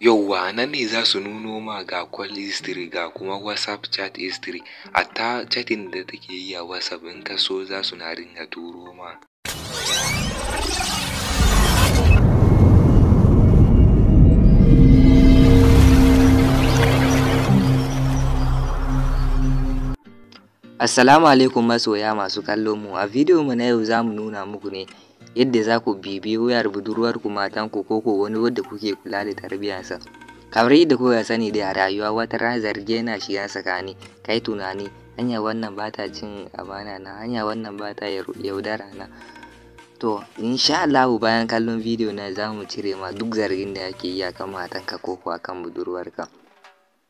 yauwa nan ne za su nuno ma ga call history ga kuma whatsapp chat history a ta chatin da take yi a whatsapp in ka so za su na ringa turo ma Assalamu alaikum masoya masu kallon mu a bidiyo mu na yau zamu nuna muku ne yadda za ku bibi ku budurwarku matanku ko ko wani wadda kuke kula da tarbiyyarsa kamar yadda kuka sani da a rayuwa wata rana zarge na shiga tsakani kai tunani hanya wannan ba ta cin amana na hanya wannan ba ta yaudara na to insha Allah bayan kallon bidiyo na za mu cire ma duk zargin da ake yi akan matanka ko ko akan budurwarka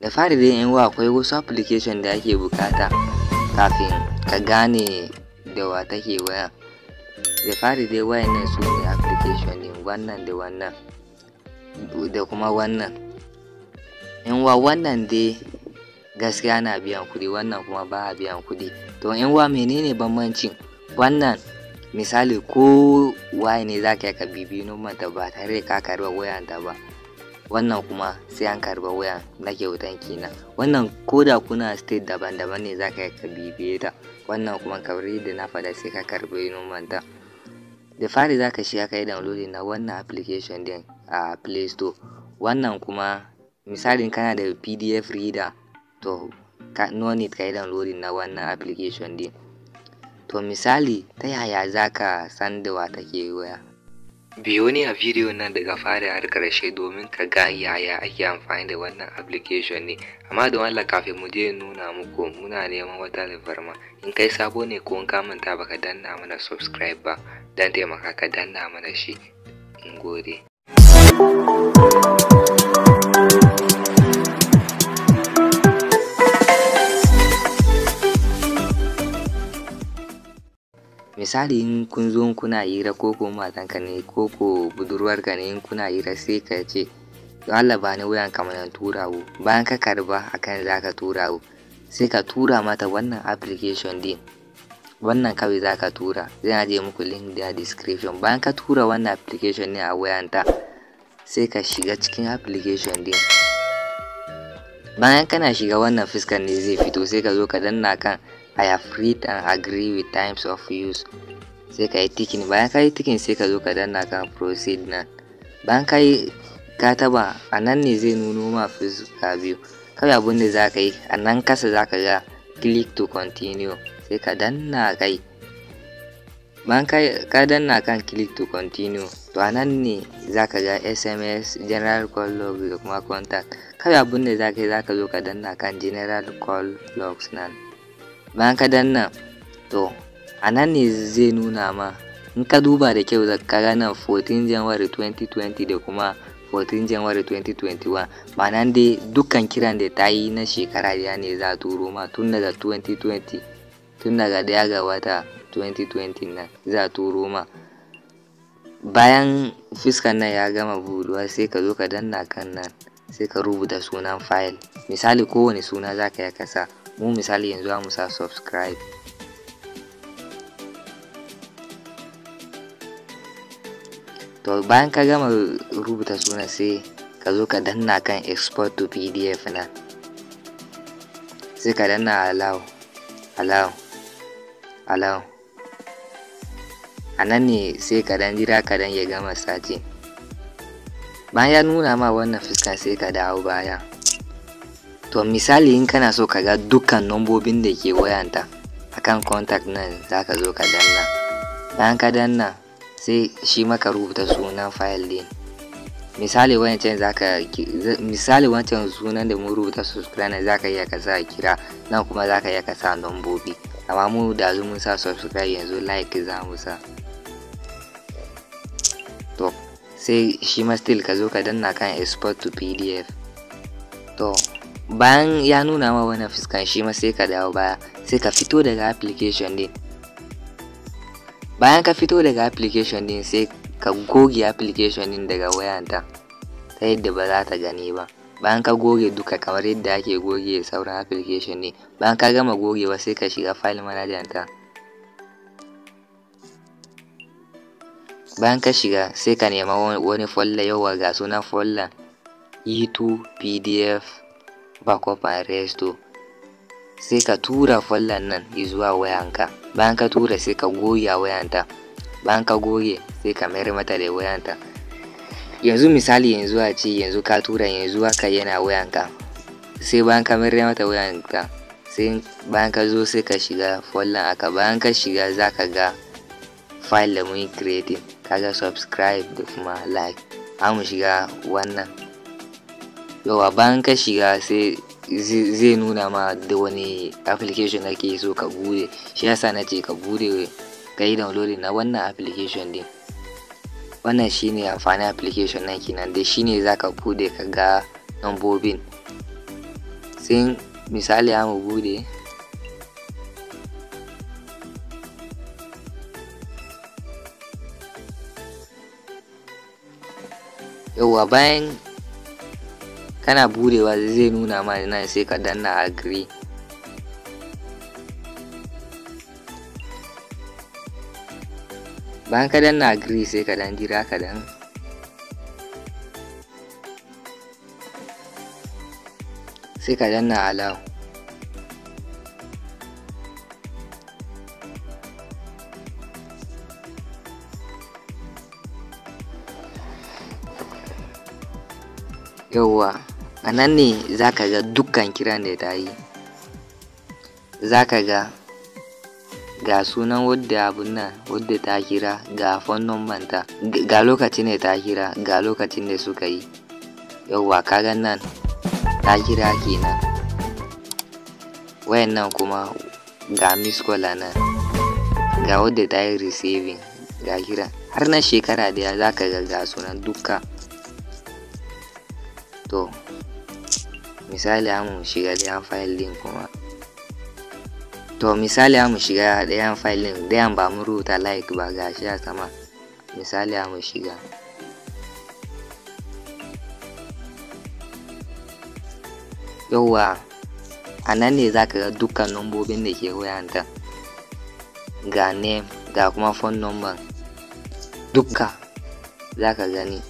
da fari dai in akwai wasu application da ake bukata kafin ka gane da wa take waya da fari dai wayannan su ne application din wannan da wannan da kuma wannan in wa wannan dai gaskiya na biyan kuɗi wannan kuma ba a biyan kuɗi to in wa menene bambancin wannan misali ko waye ne za ka yi ka bibi numanta ba tare da ka karɓa wayanta ba wannan kuma sai an karɓa wayan na kyautan kenan wannan ko da kuna state daban-daban ne za ka yi ka bibi ta wannan kuma kamar yadda na faɗa sai ka karɓi numanta da fari za ka shiga ka yi downloading na wannan application din a play store wannan kuma misalin kana da pdf reader to ka no need ka yi downloading na wannan application din to misali ta yaya za ka san da wa take waya biyo a bidiyo nan daga fara har karshe domin ka ga yaya ake amfani da wannan application ne amma da wannan kafin mu je nuna muku muna neman wata alfarma in kai sabo ne ko in ka manta baka danna mana subscribe ba dan taimaka ka danna mana shi in gode misali in kun zo kuna hira ko ko matanka ne ko ko budurwarka ne in kuna hira sai ka ce Allah ba ni wayan kamar tura wu bayan ka karba akan za ka tura wu sai ka tura mata wannan application din wannan kawai za ka tura zai je muku link da description bayan ka tura wannan application ne a wayanta sai ka shiga cikin application din bayan kana shiga wannan fuskar ne zai fito sai ka zo ka danna kan I have read and agree with times of use sai ka yi tikin bayan ka yi tikin sai ka zo ka danna kan proceed nan bayan ka yi ka taba a nan ne zai nuno ma fuska biyu kawai abin da za ka yi a nan kasa za ka ga click to continue sai ka danna kai bayan ka danna kan click to continue to a nan ne za ka ga sms general call log da kuma contact kawai abin da za ka yi za ka zo ka danna kan general call logs nan bayan ka danna to a nan ne zai nuna ma in ka duba da kyau zaka ranar 14 january 2020 da kuma 14 january 2021 nan dai dukkan kiran da ta yi na shekara ya ne za a turo ma tun daga 2020 tun daga daya ga wata 2020 na za a turo ma bayan fuskan nan ya gama buduwa sai ka zo ka danna kan nan sai ka rubuta sunan fayil misali kowane suna za ka yi kasa mu misali yanzu za mu sa subscribe to bayan ka gama rubuta sunan sai ka zo ka danna kan export to pdf nan sai ka danna allow allow allow a nan ne sai ka dan jira ka dan ya gama sati bayan ya nuna ma wannan fuska sai ka dawo baya to misali in kana so ka ga dukkan nombobin da ke wayanta akan contact nan za ka zo ka danna bayan ka danna sai shi maka rubuta sunan file din misali wancan zaka misali wancan sunan da mun rubuta subscribe ne zaka iya ka sa kira nan kuma zaka iya ka sa nombobi, amma mu da zu mun sa subscribe yanzu like za mu sa to sai shi ma still ka zo ka danna kan export to pdf to bayan ya nuna ma wani fuskan shi ma sai ka dawo baya sai ka fito daga application din bayan ka fito daga application din sai ka goge application din daga wayanta ta yadda ba za ta gani ba bayan ka goge duka kamar yadda ake goge sauran application ne bayan ka gama gogewa sai ka shiga file manager ta bayan ka shiga sai ka nema wani folder yawa ga sunan folder e2 pdf ba ko resto sai ka tura fallan nan zuwa wayanka bayan ka tura sai ka goya wayanta bayan ka goge sai ka mayar mata da wayanta yanzu misali yanzu a ce yanzu ka tura yanzu haka yana wayanka sai bayan ka mayar mata wayanka sai bayan ka zo sai ka shiga fallan aka bayan ka shiga za ka ga file da mun creating kaga subscribe da kuma like mu shiga wannan yawa bayan ka shiga sai zai nuna ma da wani application ke so ka bude shi yasa na ce ka bude ka yi downloading na wannan application din wannan shine amfani application nan kenan ne shine ka bude ka ga nambobin sai misali ya mu bude yawa bayan kana burewa zai nuna ma nan sai ka danna agree bayan ka danna agree sai ka dan jira ka dan, sai ka danna allow uh... a nan ne za ka ga dukkan kiran da ta yi za ka ga ga sunan wadda abun nan wadda ta kira ga fannon manta ga lokacin da ta kira ga lokacin da suka yi yauwa kaga nan ta kira kenan wayan nan kuma ga miskola nan ga wadda ta yi receiving ga kira har na shekara daya za ka ga ga sunan dukka to misali mu shiga ɗayan file din kuma to misali mu shiga ɗayan file ɗin ɗayan ba mu rubuta like ba gashi a sama misali mu shiga yauwa a nan ne za ka ga dukkan nombobin da ke wayanta ga name ga kuma phone number dukka za ka gani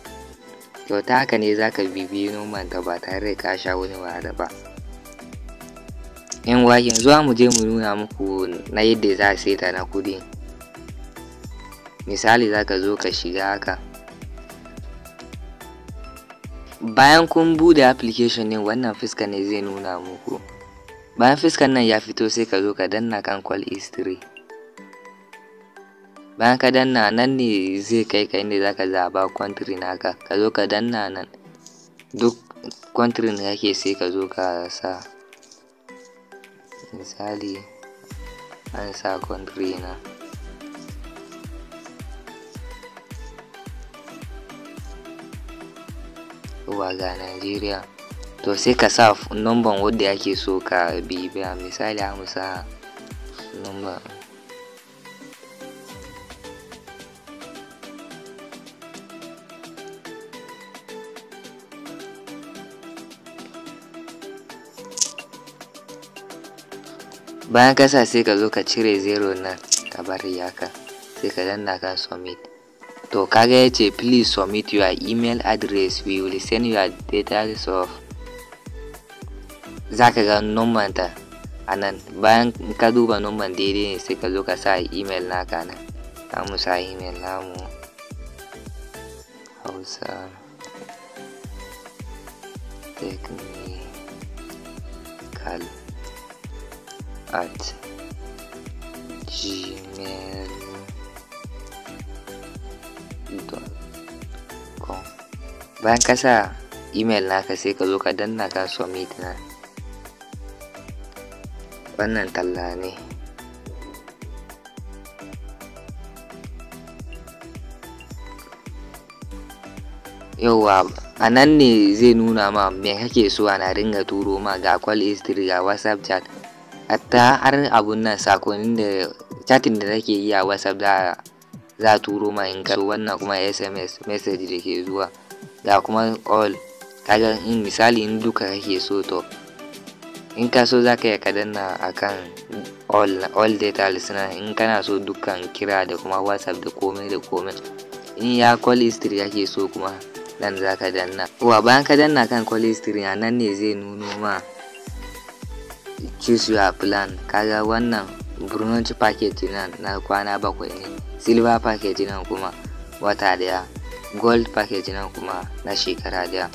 to ta haka ne za ka bibiyi nomanta ba tare ka sha wani wahala ba yan wa yanzu mu je mu nuna muku na yadda za a saita na kudi misali za ka zo ka shiga haka bayan kun bude application ne wannan fuska ne zai nuna muku bayan fuskan nan ya fito sai ka zo ka danna kan call history bayan ka danna nan ne zai kai ka inda zaka zaba country naka ka zo ka danna nan duk country da kake sai ka zo ka sa misali an sa country na wa ga Najeriya to sai ka sa numban wadda yake so ka bibiya misali a musa numban bayan ka sa sai ka zo ka cire zero nan ka bari haka sai ka danna kan submit to kaga ya ce please submit your email address we will send your details of za ka ga numban ta a nan bayan ka duba numban daidai ne sai ka zo ka sa email naka nan za mu sa email namu hausa technical at gmail.com bayan ka sa email naka sai ka zo ka danna ka submit na wannan talla ne yauwa a nan ne zai nuna ma me kake so na ringa turo ma ga call history ga whatsapp chat hatta har abun nan sakonin da chatin da nake yi a whatsapp da za turo ma in karo wannan kuma sms message da ke zuwa da kuma all kaga in misali in duka kake so to in ka so za ka iya kadanna a kan all data listener in kana so dukkan kira da kuma whatsapp da komai da komai in ya call history kake so kuma nan za ka danna wa bayan ka danna kan call history nan ne zai nuno ma kiss a plan kaga wannan brunch packet nan na kwana bakwai ne silver packet nan kuma wata daya gold package nan kuma na shekara daya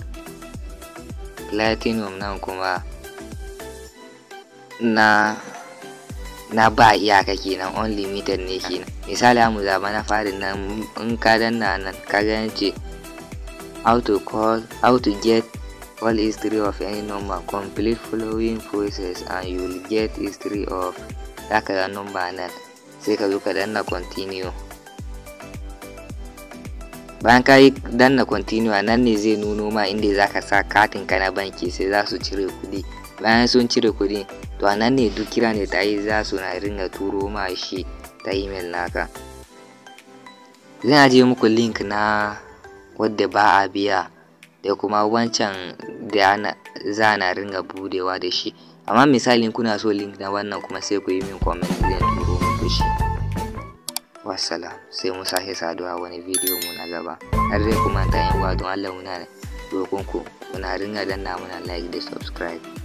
platinum nan kuma na na ba iyaka kenan unlimited ne kenan misali amu zaba na farin nan in ka danna nan ka ga ce how to call how to get all history of any number complete following process and you will get history of zaka ga number nan sai ka zo ka danna continue bayan ka yi danna continue nan ne zai nuno ma inda za ka sa katin ka na banki sai za su cire kuɗi bayan sun cire kuɗi to a nan ne duk kira ne ta yi za su na ringa turo ma shi ta email naka zan ajiye muku link na wadda ba a biya da kuma wancan da za na ringa budewa da shi amma misali kuna so link na wannan kuma sai ku yi min comment zai turo fushi. shi wassalam sai mu sake saduwa wani bidiyo mu na gaba har dai kuma ta yi don Allah muna muna ringa danna muna like da subscribe